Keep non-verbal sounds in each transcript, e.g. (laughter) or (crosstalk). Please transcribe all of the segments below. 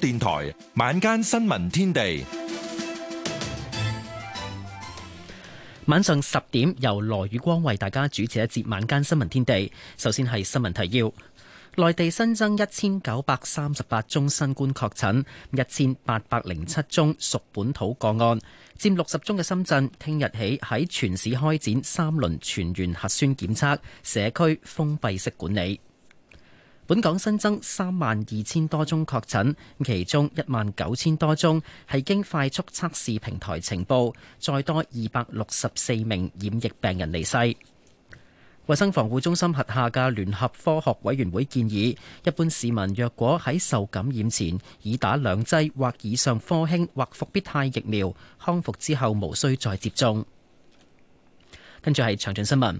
電台晚間新聞天地，晚上十點由羅宇光為大家主持一節晚間新聞天地。首先係新聞提要：內地新增一千九百三十八宗新冠確診，一千八百零七宗屬本土個案，佔六十宗嘅深圳，聽日起喺全市開展三輪全員核酸檢測，社區封閉式管理。本港新增三萬二千多宗確診，其中一萬九千多宗係經快速測試平台呈報，再多二百六十四名染疫病人離世。衛生防護中心核下嘅聯合科學委員會建議，一般市民若果喺受感染前已打兩劑或以上科興或復必泰疫苗，康復之後無需再接種。跟住係詳盡新聞。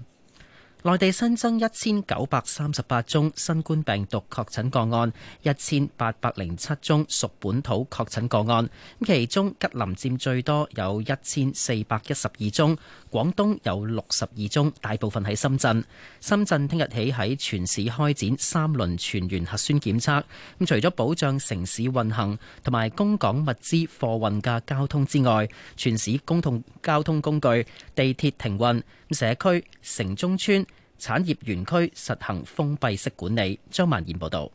內地新增一千九百三十八宗新冠病毒確診個案，一千八百零七宗屬本土確診個案。咁其中吉林佔最多，有一千四百一十二宗；廣東有六十二宗，大部分喺深圳。深圳聽日起喺全市開展三輪全員核酸檢測。咁除咗保障城市運行同埋供港物資貨運嘅交通之外，全市公共交通工具、地鐵停運。社區、城中村。產業園區實行封閉式管理。張萬賢報導。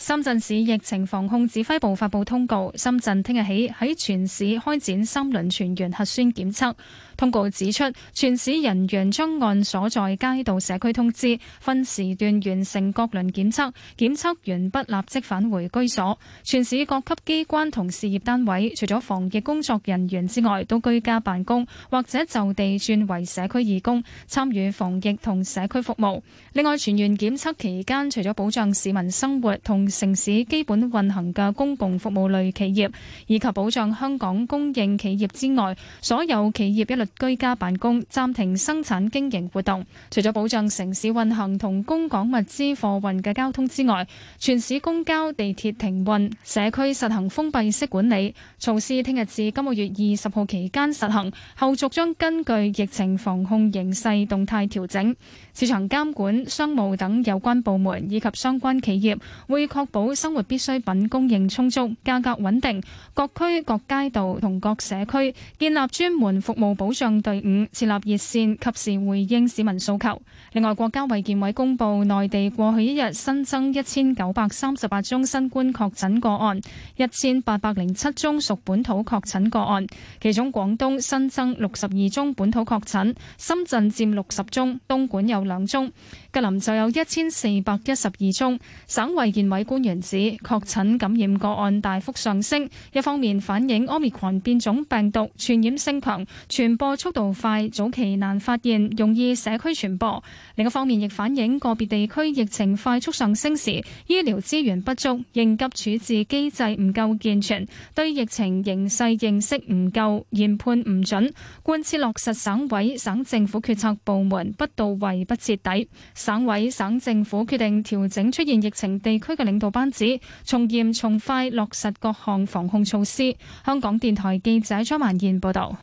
深圳市疫情防控指揮部發佈通告，深圳聽日起喺全市開展三輪全員核酸檢測。通告指出，全市人員將按所在街道社區通知，分時段完成各輪檢測，檢測完畢立即返回居所。全市各級機關同事業單位，除咗防疫工作人員之外，都居家辦公或者就地轉為社區義工，參與防疫同社區服務。另外，全員檢測期間，除咗保障市民生活同，城市基本運行嘅公共服務類企業，以及保障香港供應企業之外，所有企業一律居家辦公，暫停生產經營活動。除咗保障城市運行同供港物資貨運嘅交通之外，全市公交、地鐵停運，社區實行封閉式管理。措施聽日至今個月二十號期間實行，後續將根據疫情防控形勢動態調整。市場監管、商務等有關部門以及相關企業會。確保生活必需品供應充足、價格穩定。各區、各街道同各社區建立專門服務保障隊伍，設立熱線，及時回應市民訴求。另外，國家衛健委公布內地過去一日新增一千九百三十八宗新冠確診個案，一千八百零七宗屬本土確診個案，其中廣東新增六十二宗本土確診，深圳占六十宗，東莞有兩宗，吉林就有一千四百一十二宗。省衛健委。官員指確診感染個案大幅上升，一方面反映奧密克戎變種病毒傳染性強、傳播速度快、早期難發現、容易社區傳播；另一方面亦反映個別地區疫情快速上升時，醫療資源不足、應急處置機制唔夠健全、對疫情形勢認識唔夠、研判唔準、貫徹落實省委省政府決策部門不到位、不徹底。省委省政府決定調整出現疫情地區嘅領。領導班子從嚴從快落實各項防控措施。香港電台記者張曼燕報道。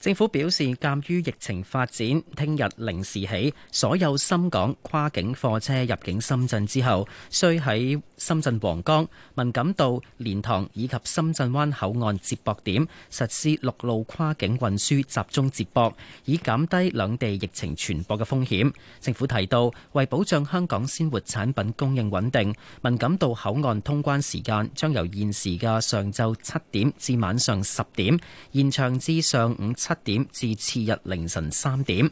政府表示，鑑於疫情發展，聽日零時起，所有深港跨境貨車入境深圳之後，需喺深圳皇崗、文錦渡、蓮塘以及深圳灣口岸接駁點實施陸路跨境運輸集中接駁，以減低兩地疫情傳播嘅風險。政府提到，為保障香港鮮活產品供應穩定，文錦渡口岸通關時間將由現時嘅上晝七點至晚上十點延長至上午七七點至次日凌晨三點，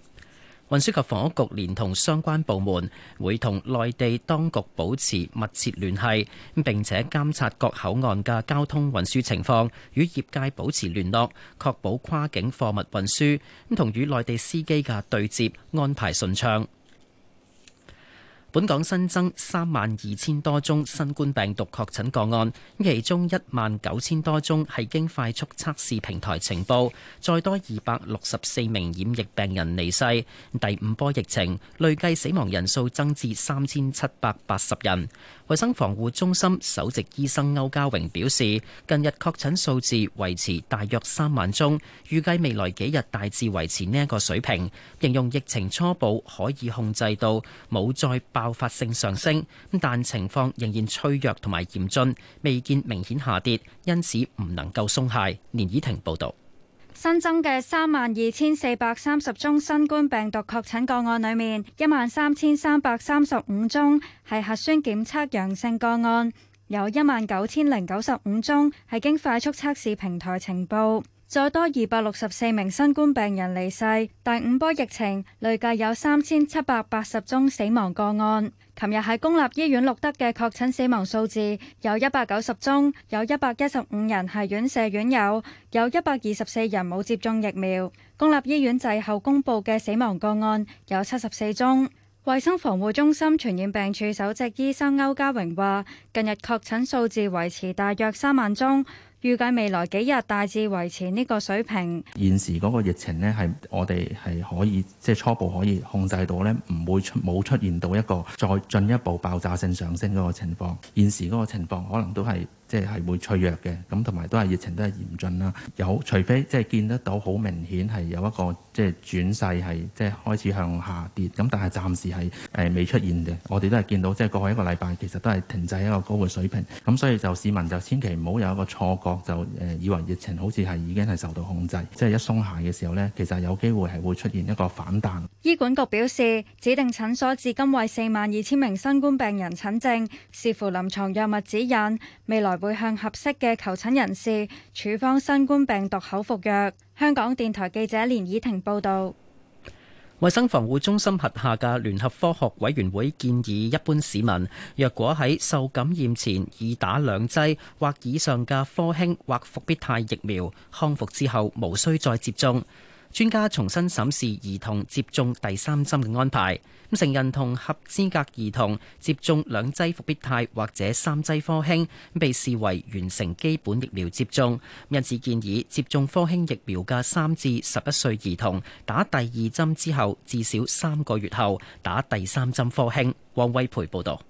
運輸及房屋局連同相關部門會同內地當局保持密切聯繫，咁並且監察各口岸嘅交通運輸情況，與業界保持聯絡，確保跨境貨物運輸，同與內地司機嘅對接安排順暢。本港新增三萬二千多宗新冠病毒確診個案，其中一萬九千多宗係經快速測試平台呈報，再多二百六十四名染疫病人離世。第五波疫情累計死亡人數增至三千七百八十人。衞生防護中心首席醫生歐家榮表示，近日確診數字維持大約三萬宗，預計未來幾日大致維持呢一個水平。形容疫情初步可以控制到冇再爆發性上升，但情況仍然脆弱同埋嚴峻，未見明顯下跌，因此唔能夠鬆懈。連以婷報導。新增嘅三萬二千四百三十宗新冠病毒確診個案裏面，一萬三千三百三十五宗係核酸檢測陽性個案，有一萬九千零九十五宗係經快速測試平台情報。再多二百六十四名新冠病人離世，第五波疫情累計有三千七百八十宗死亡個案。琴日喺公立醫院錄得嘅確診死亡數字有一百九十宗，有一百一十五人係院舍院友，有一百二十四人冇接種疫苗。公立醫院滯後公布嘅死亡個案有七十四宗。衛生防護中心傳染病處首席醫生歐家榮話，近日確診數字維持大約三萬宗。預計未來幾日大致維持呢個水平。現時嗰個疫情呢，係我哋係可以即係、就是、初步可以控制到呢，唔會出冇出現到一個再進一步爆炸性上升嗰個情況。現時嗰個情況可能都係。即係會脆弱嘅，咁同埋都係疫情都係嚴峻啦。有除非即係見得到好明顯係有一個即係轉勢係即係開始向下跌，咁但係暫時係誒未出現嘅。我哋都係見到即係過去一個禮拜其實都係停滯喺一個高嘅水平，咁所以就市民就千祈唔好有一個錯覺，就誒以為疫情好似係已經係受到控制，即係一鬆懈嘅時候咧，其實有機會係會出現一個反彈。醫管局表示，指定診所至今為四萬二千名新冠病人診症，視乎臨床藥物指引，未來。會向合適嘅求診人士處方新冠病毒口服藥。香港電台記者連以婷報道。衛生防護中心轄下嘅聯合科學委員會建議，一般市民若果喺受感染前已打兩劑或以上嘅科興或復必泰疫苗，康復之後無需再接種。專家重新審視兒童接種第三針嘅安排。咁成人同合資格兒童接種兩劑復必泰或者三劑科興，被視為完成基本疫苗接種。因此建議接種科興疫苗嘅三至十一歲兒童，打第二針之後至少三個月後打第三針科興。王威培報導。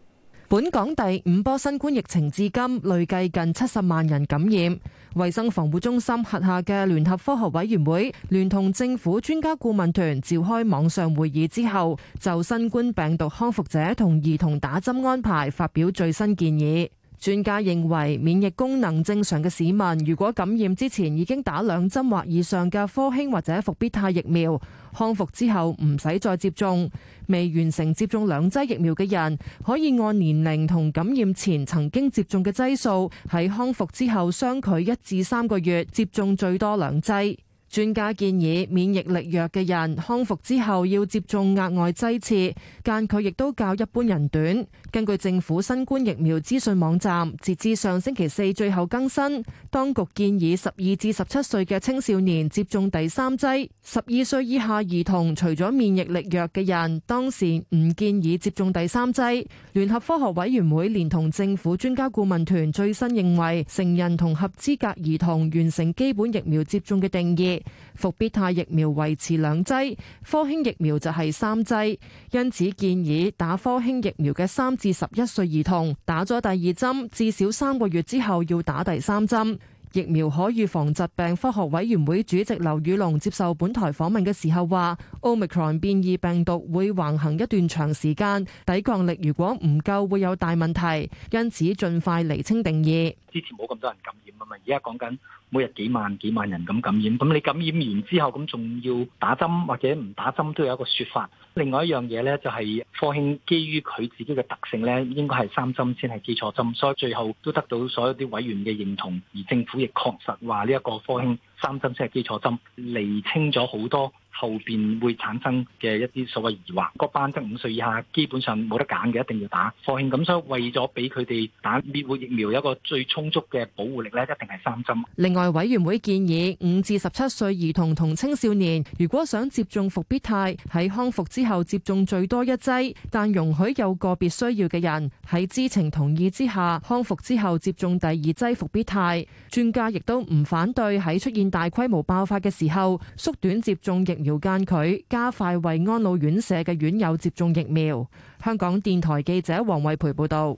本港第五波新冠疫情至今累計近七十萬人感染，衛生防護中心轄下嘅聯合科學委員會聯同政府專家顧問團召開網上會議之後，就新冠病毒康復者同兒童打針安排發表最新建議。專家認為，免疫功能正常嘅市民如果感染之前已經打兩針或以上嘅科興或者復必泰疫苗，康復之後唔使再接種。未完成接種兩劑疫苗嘅人，可以按年齡同感染前曾經接種嘅劑數，喺康復之後相距一至三個月接種最多兩劑。專家建議，免疫力弱嘅人康復之後要接種額外劑次，間隔亦都較一般人短。根據政府新冠疫苗資訊網站，截至上星期四最後更新，當局建議十二至十七歲嘅青少年接種第三劑；十二歲以下兒童，除咗免疫力弱嘅人，當時唔建議接種第三劑。聯合科學委員會連同政府專家顧問團最新認為，成人同合資格兒童完成基本疫苗接種嘅定義。復必泰疫苗維持兩劑，科興疫苗就係三劑。因此建議打科興疫苗嘅三至十一歲兒童打咗第二針，至少三個月之後要打第三針。疫苗可預防疾病科學委員會主席劉宇隆接受本台訪問嘅時候話：，奧密克戎變異病毒會橫行一段長時間，抵抗力如果唔夠會有大問題。因此盡快厘清定義。之前冇咁多人感染啊嘛，而家講緊。每日幾萬幾萬人咁感染，咁你感染完之後咁，仲要打針或者唔打針都有一個説法。另外一樣嘢呢，就係科興基於佢自己嘅特性呢，應該係三針先係基礎針，所以最後都得到所有啲委員嘅認同，而政府亦確實話呢一個科興。三針即係基礎針，釐清咗好多後邊會產生嘅一啲所謂疑惑。個班得五歲以下基本上冇得揀嘅，一定要打。科興噉所以為咗俾佢哋打滅活疫苗有一個最充足嘅保護力呢，一定係三針。另外，委員會建議五至十七歲兒童同青少年，如果想接種復必泰，喺康復之後接種最多一劑，但容許有個別需要嘅人喺知情同意之下康復之後接種第二劑復必泰。專家亦都唔反對喺出現。大規模爆發嘅時候，縮短接種疫苗間距，加快為安老院舍嘅院友接種疫苗。香港電台記者黃惠培報道，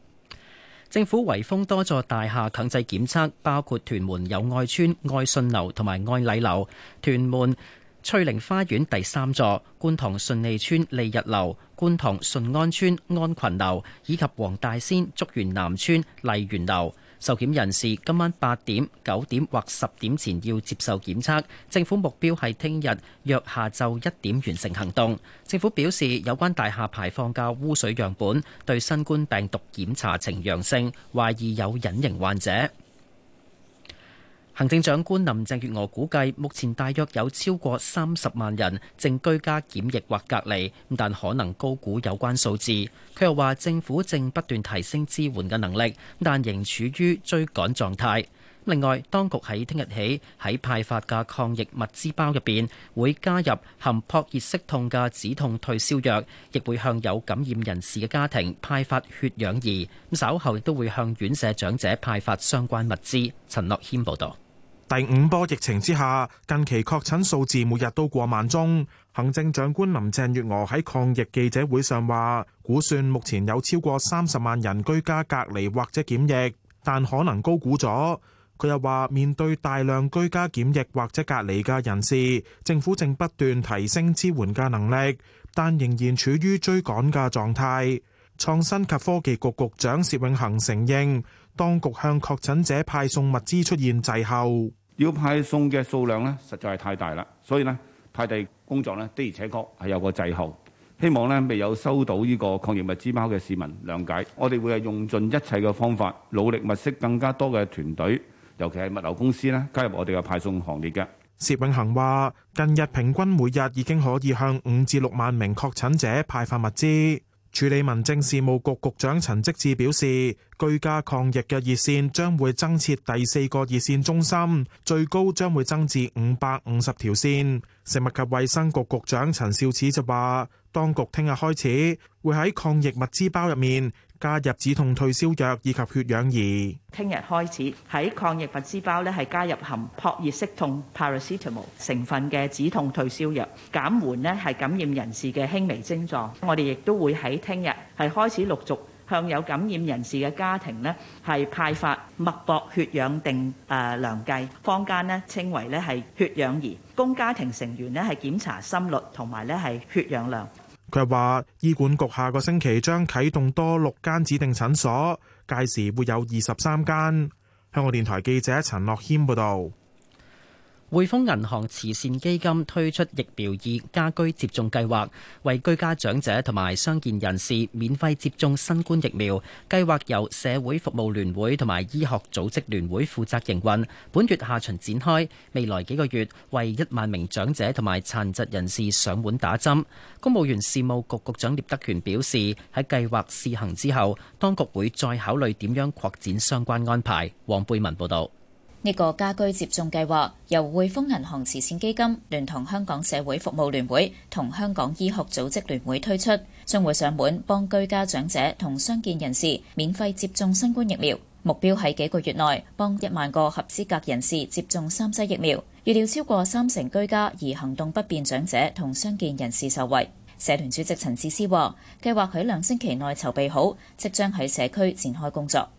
政府圍封多座大廈強制檢測，包括屯門友愛村愛信樓同埋愛禮樓、屯門翠玲花園第三座、觀塘順利村利日樓、觀塘順安村安群樓以及黃大仙竹園南村麗園樓。受檢人士今晚八點、九點或十點前要接受檢測。政府目標係聽日約下晝一點完成行動。政府表示，有關大廈排放嘅污水樣本對新冠病毒檢查呈陽性，懷疑有隱形患者。行政長官林鄭月娥估計，目前大約有超過三十萬人正居家檢疫或隔離，但可能高估有關數字。佢又話，政府正不斷提升支援嘅能力，但仍處於追趕狀態。另外，當局喺聽日起喺派發嘅抗疫物資包入邊會加入含撲熱息痛嘅止痛退燒藥，亦會向有感染人士嘅家庭派發血氧儀。咁稍後亦都會向院舍長者派發相關物資。陳樂謙報導。第五波疫情之下，近期確診數字每日都過萬宗。行政長官林鄭月娥喺抗疫記者會上話，估算目前有超過三十萬人居家隔離或者檢疫，但可能高估咗。佢又話，面對大量居家檢疫或者隔離嘅人士，政府正不斷提升支援嘅能力，但仍然處於追趕嘅狀態。創新及科技局局局長薛永恆承認。當局向確診者派送物資出現滯後，要派送嘅數量呢實在係太大啦，所以呢，派遞工作呢的而且確係有個滯後。希望呢未有收到呢個抗疫物資包嘅市民諒解，我哋會係用盡一切嘅方法，努力物色更加多嘅團隊，尤其係物流公司呢加入我哋嘅派送行列嘅。薛永恒話：近日平均每日已經可以向五至六萬名確診者派發物資。處理民政事務局局長陳積志表示，居家抗疫嘅熱線將會增設第四個熱線中心，最高將會增至五百五十條線。食物及衛生局局長陳肇始就話，當局聽日開始會喺抗疫物資包入面。加入止痛退燒藥以及血氧儀。聽日開始喺抗疫物資包咧，係加入含撲熱息痛 （paracetamol） 成分嘅止痛退燒藥，減緩咧係感染人士嘅輕微症狀。我哋亦都會喺聽日係開始陸續向有感染人士嘅家庭咧係派發脈搏、血氧定誒量計，坊間咧稱為咧係血氧儀，供家庭成員咧係檢查心率同埋咧係血氧量。佢話：醫管局下個星期將啟動多六間指定診所，屆時會有二十三間。香港電台記者陳樂謙報道。匯豐銀行慈善基金推出疫苗二家居接種計劃，為居家長者同埋傷健人士免費接種新冠疫苗。計劃由社會服務聯會同埋醫學組織聯會負責營運，本月下旬展開，未來幾個月為一萬名長者同埋殘疾人士上門打針。公務員事務局局，局長聶德權表示，喺計劃試行之後，當局會再考慮點樣擴展相關安排。黃貝文報道。呢個家居接種計劃由匯豐銀行慈善基金聯同香港社會服務聯會同香港醫學組織聯會推出，將會上門幫居家長者同傷健人士免費接種新冠疫苗，目標喺幾個月內幫一萬個合資格人士接種三劑疫苗，預料超過三成居家而行動不便長者同傷健人士受惠。社聯主席陳智思話：計劃喺兩星期內籌備好，即將喺社區展開工作。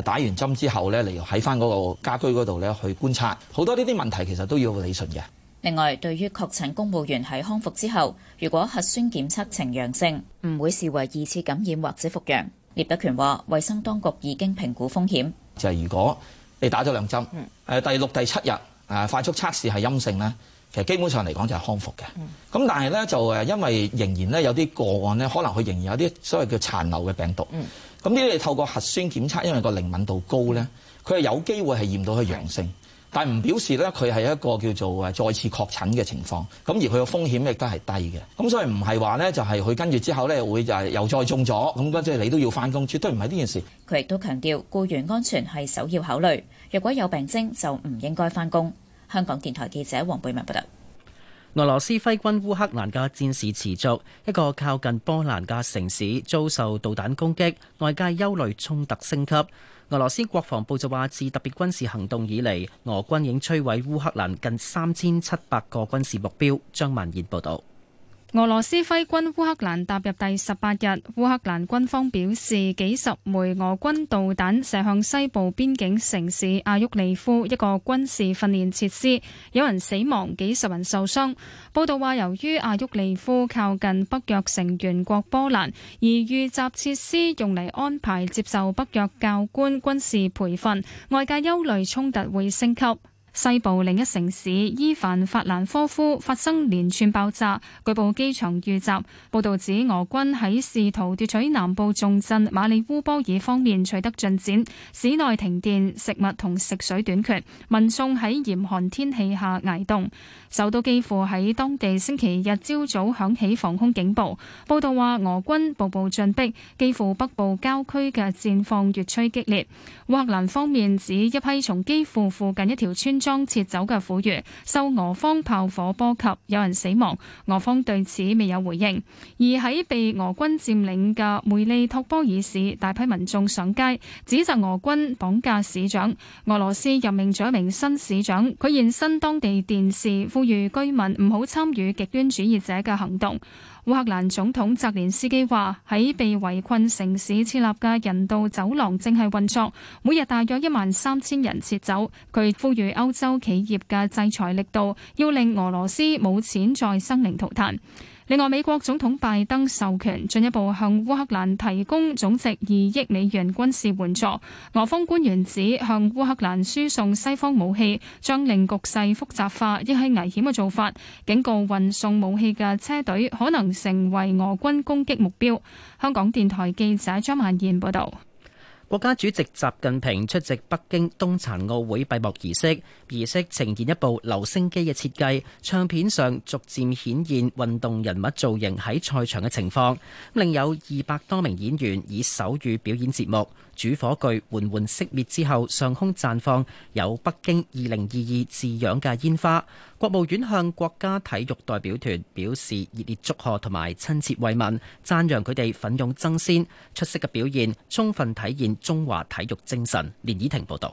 誒打完針之後咧，嚟喺翻嗰個家居嗰度咧去觀察，好多呢啲問題其實都要理順嘅。另外，對於確診公務員喺康復之後，如果核酸檢測呈陽性，唔會視為二次感染或者復陽。聶德權話，衞生當局已經評估風險，就係如果你打咗兩針，誒、嗯、第六、第七日誒快、啊、速測試係陰性呢，其實基本上嚟講就係康復嘅。咁、嗯、但係咧就誒，因為仍然咧有啲個案咧，可能佢仍然有啲所謂叫殘留嘅病毒。嗯咁呢啲你透過核酸檢測，因為個靈敏度高咧，佢係有機會係驗到佢陽性，但唔表示咧佢係一個叫做誒再次確診嘅情況。咁而佢嘅風險亦都係低嘅。咁所以唔係話咧，就係佢跟住之後咧會誒又再中咗咁，即係你都要翻工，絕對唔係呢件事。佢亦都強調，僱員安全係首要考慮。若果有病徵，就唔應該翻工。香港電台記者黃貝文報道。俄羅斯揮軍烏克蘭嘅戰事持續，一個靠近波蘭嘅城市遭受導彈攻擊，外界憂慮衝突升級。俄羅斯國防部就話，自特別軍事行動以嚟，俄軍已經摧毀烏克蘭近三千七百個軍事目標。張萬燕報道。俄羅斯揮軍烏克蘭踏入第十八日，烏克蘭軍方表示，幾十枚俄軍導彈射向西部邊境城市阿沃利夫一個軍事訓練設施，有人死亡，幾十人受傷。報道話，由於阿沃利夫靠近北約成員國波蘭，而預習設施用嚟安排接受北約教官軍事培訓，外界憂慮衝突會升級。西部另一城市伊凡法蘭科夫發生連串爆炸，據報機場遇襲。報道指俄軍喺試圖奪取南部重鎮馬里烏波爾方面取得進展，市內停電食物同食水短缺，民眾喺嚴寒天氣下挨凍。首都基輔喺當地星期日朝早響起防空警報。報道話俄軍步步進逼，基輔北部郊區嘅戰況越趨激烈。烏克蘭方面指一批從基輔附近一條村。裝撤走嘅婦孺，受俄方炮火波及，有人死亡。俄方對此未有回應。而喺被俄軍佔領嘅梅利托波爾市，大批民眾上街，指責俄軍綁架市長。俄羅斯任命咗一名新市長，佢現身當地電視，呼籲居民唔好參與極端主義者嘅行動。烏克蘭總統澤連斯基話：喺被圍困城市設立嘅人道走廊正係運作，每日大約一萬三千人撤走。佢呼籲歐洲企業嘅制裁力度，要令俄羅斯冇錢再生靈塗炭。另外，美國總統拜登授權進一步向烏克蘭提供總值二億美元軍事援助。俄方官員指，向烏克蘭輸送西方武器將令局勢複雜化，亦係危險嘅做法，警告運送武器嘅車隊可能成為俄軍攻擊目標。香港電台記者張萬賢報道。國家主席習近平出席北京冬殘奧會閉幕儀式，儀式呈現一部留聲機嘅設計，唱片上逐漸顯現運動人物造型喺賽場嘅情況。另有二百多名演員以手語表演節目。主火炬緩緩熄滅之後，上空綻放有北京二零二二字樣嘅煙花。國務院向國家體育代表團表示熱烈祝賀同埋親切慰問，讚揚佢哋奮勇爭先、出色嘅表現，充分體現中華體育精神。連以婷報道。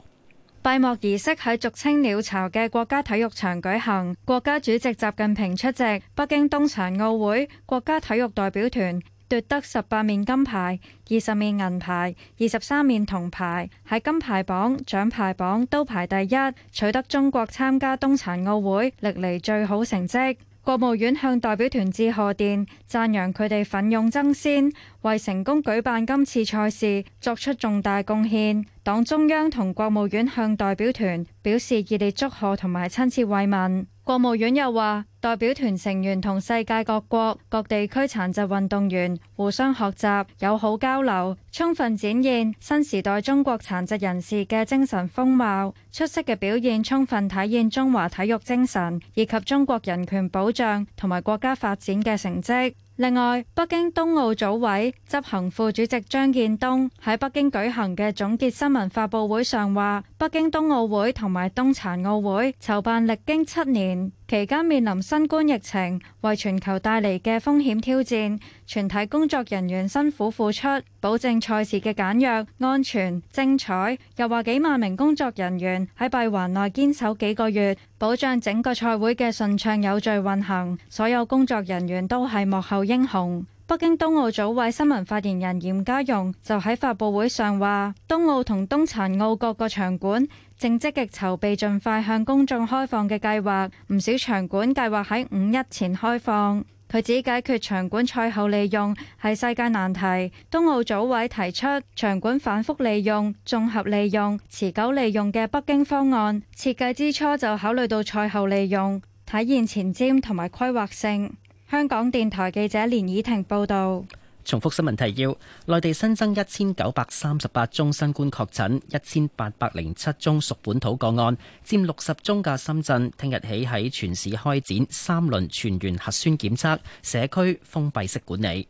閉幕儀式喺俗稱鳥巢嘅國家體育場舉行，國家主席習近平出席北京冬殘奧會國家體育代表團。奪得十八面金牌、二十面銀牌、二十三面銅牌，喺金牌榜、獎牌榜都排第一，取得中國參加冬殘奧會歷嚟最好成績。國務院向代表團致賀電，讚揚佢哋奮勇爭先，為成功舉辦今次賽事作出重大貢獻。黨中央同國務院向代表團表示熱烈祝賀同埋親切慰問。國務院又話，代表團成員同世界各國、各地區殘疾運動員互相學習、友好交流。充分展現新時代中國殘疾人士嘅精神風貌，出色嘅表現充分體現中華體育精神以及中國人權保障同埋國家發展嘅成績。另外，北京冬奧組委執行副主席張建東喺北京舉行嘅總結新聞發佈會上話，北京冬奧會同埋冬殘奧會籌辦歷經七年，期間面臨新冠疫情為全球帶嚟嘅風險挑戰，全體工作人員辛苦付出，保證。賽事嘅簡約、安全、精彩，又話幾萬名工作人員喺閉環內堅守幾個月，保障整個賽會嘅順暢有序運行。所有工作人員都係幕後英雄。北京冬奧組委新聞發言人嚴家蓉就喺發布會上話，冬奧同冬殘奧各個場館正積極籌備，盡快向公眾開放嘅計劃。唔少場館計劃喺五一前開放。佢指解決場館賽後利用係世界難題，冬奧組委提出場館反覆利用、綜合利用、持久利用嘅北京方案，設計之初就考慮到賽後利用，體現前瞻同埋規劃性。香港電台記者連以婷報導。重複新聞提要：內地新增一千九百三十八宗新冠確診，一千八百零七宗屬本土個案，佔六十宗嘅深圳聽日起喺全市開展三輪全員核酸檢測，社區封閉式管理。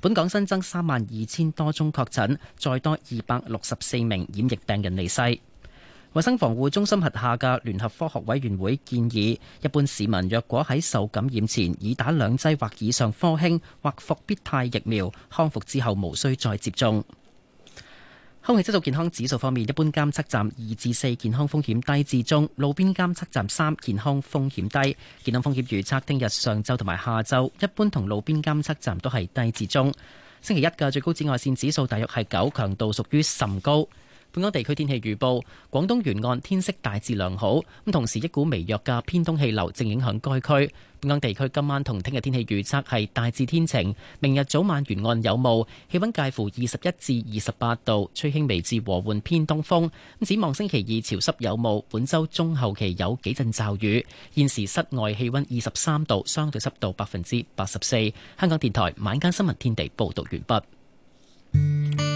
本港新增三萬二千多宗確診，再多二百六十四名染疫病人離世。衞生防護中心核下嘅聯合科學委員會建議，一般市民若果喺受感染前已打兩劑或以上科興或復必泰疫苗，康復之後無需再接種。空氣質素健康指數方面，一般監測站二至四健康風險低至中，路邊監測站三健康風險低。健康風險預測，聽日上晝同埋下晝一般同路邊監測站都係低至中。星期一嘅最高紫外線指數大約係九，強度屬於甚高。本港地區天氣預報：廣東沿岸天色大致良好，咁同時一股微弱嘅偏東氣流正影響該區。本港地區今晚同聽日天氣預測係大致天晴，明日早晚沿岸有霧，氣溫介乎二十一至二十八度，吹輕微至和緩偏東風。咁展望星期二潮濕有霧，本周中後期有幾陣驟雨。現時室外氣溫二十三度，相對濕度百分之八十四。香港電台《晚間新聞天地》報道完畢。 (music)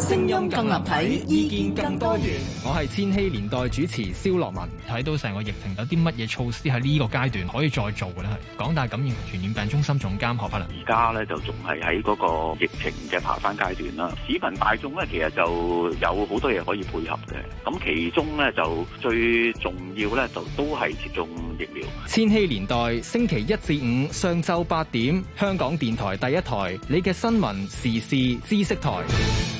聲音更立體，意見更多元。我係千禧年代主持蕭樂文。睇到成個疫情有啲乜嘢措施喺呢個階段可以再做嘅咧？港大感染傳染病中心總監何柏良，而家咧就仲係喺嗰個疫情嘅爬山階段啦。市民大眾咧，其實就有好多嘢可以配合嘅。咁其中咧就最重要咧，就都係接種疫苗。千禧年代星期一至五上晝八點，香港電台第一台，你嘅新聞時事知識台。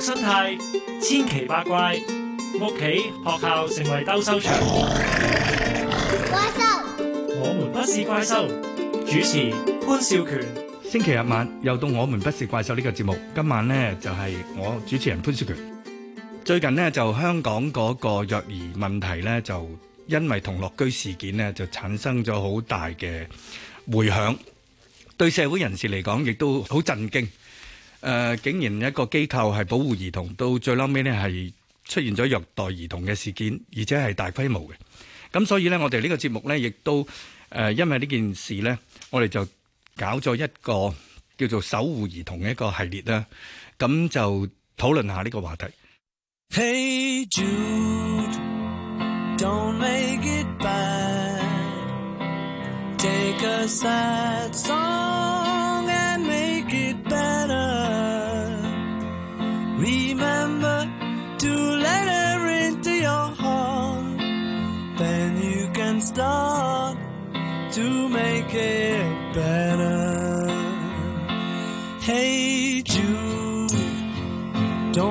生態千奇百怪，屋企學校成為兜收場。怪獸，我們不是怪獸。主持潘少權。星期日晚又到《我們不是怪獸》呢個節目，今晚呢就係我主持人潘少權。最近呢就香港嗰個虐兒問題呢，就因為同樂居事件呢，就產生咗好大嘅回響，對社會人士嚟講亦都好震驚。誒、呃、竟然一個機構係保護兒童，到最撚尾呢係出現咗虐待兒童嘅事件，而且係大規模嘅。咁所以呢，我哋呢個節目呢，亦都誒、呃、因為呢件事呢，我哋就搞咗一個叫做守護兒童嘅一個系列啦。咁就討論下呢個話題。Hey Jude,